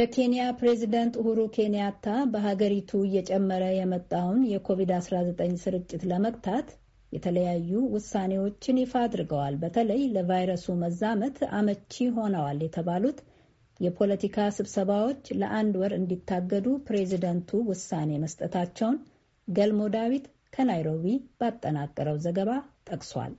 የኬንያ ፕሬዚደንት ኡሁሩ ኬንያታ በሀገሪቱ እየጨመረ የመጣውን የኮቪድ-19 ስርጭት ለመግታት የተለያዩ ውሳኔዎችን ይፋ አድርገዋል። በተለይ ለቫይረሱ መዛመት አመቺ ሆነዋል የተባሉት የፖለቲካ ስብሰባዎች ለአንድ ወር እንዲታገዱ ፕሬዚደንቱ ውሳኔ መስጠታቸውን ገልሞ ዳዊት ከናይሮቢ ባጠናቀረው ዘገባ ጠቅሷል።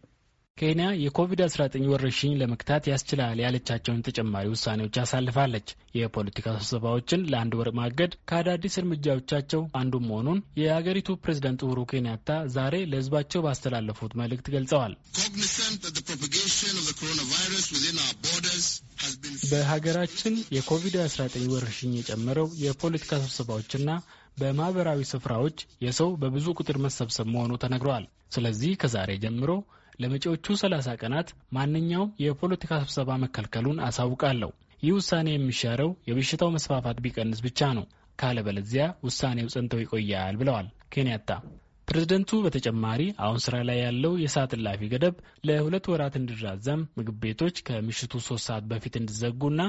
ኬንያ የኮቪድ-19 ወረርሽኝ ለመግታት ያስችላል ያለቻቸውን ተጨማሪ ውሳኔዎች አሳልፋለች። የፖለቲካ ስብሰባዎችን ለአንድ ወር ማገድ ከአዳዲስ እርምጃዎቻቸው አንዱ መሆኑን የአገሪቱ ፕሬዝደንት ኡሁሩ ኬንያታ ዛሬ ለሕዝባቸው ባስተላለፉት መልእክት ገልጸዋል። በሀገራችን የኮቪድ-19 ወረርሽኝ የጨመረው የፖለቲካ ስብሰባዎችና በማህበራዊ ስፍራዎች የሰው በብዙ ቁጥር መሰብሰብ መሆኑ ተነግረዋል። ስለዚህ ከዛሬ ጀምሮ ለመጪዎቹ 30 ቀናት ማንኛውም የፖለቲካ ስብሰባ መከልከሉን አሳውቃለሁ። ይህ ውሳኔ የሚሻረው የበሽታው መስፋፋት ቢቀንስ ብቻ ነው። ካለበለዚያ ውሳኔው ጸንተው ይቆያል ብለዋል ኬንያታ። ፕሬዝደንቱ በተጨማሪ አሁን ስራ ላይ ያለው የሰዓት እላፊ ገደብ ለሁለት ወራት እንዲራዘም፣ ምግብ ቤቶች ከምሽቱ ሶስት ሰዓት በፊት እንዲዘጉና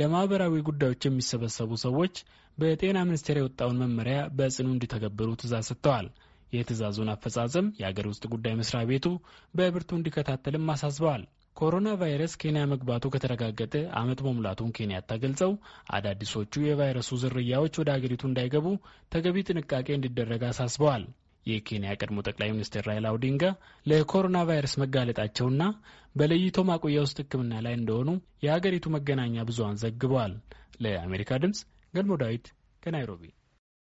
ለማህበራዊ ጉዳዮች የሚሰበሰቡ ሰዎች በጤና ሚኒስቴር የወጣውን መመሪያ በጽኑ እንዲተገብሩ ትእዛዝ ሰጥተዋል። የትዕዛዙን አፈጻጸም የአገር ውስጥ ጉዳይ መስሪያ ቤቱ በብርቱ እንዲከታተልም አሳስበዋል። ኮሮና ቫይረስ ኬንያ መግባቱ ከተረጋገጠ ዓመት መሙላቱን ኬንያታ ገልጸው አዳዲሶቹ የቫይረሱ ዝርያዎች ወደ አገሪቱ እንዳይገቡ ተገቢ ጥንቃቄ እንዲደረግ አሳስበዋል። የኬንያ ቀድሞ ጠቅላይ ሚኒስትር ራይላ ኦዲንጋ ለኮሮና ቫይረስ መጋለጣቸውና በለይቶ ማቆያ ውስጥ ሕክምና ላይ እንደሆኑ የአገሪቱ መገናኛ ብዙሃን ዘግበዋል። ለአሜሪካ ድምፅ ገልሞ ዳዊት ከናይሮቢ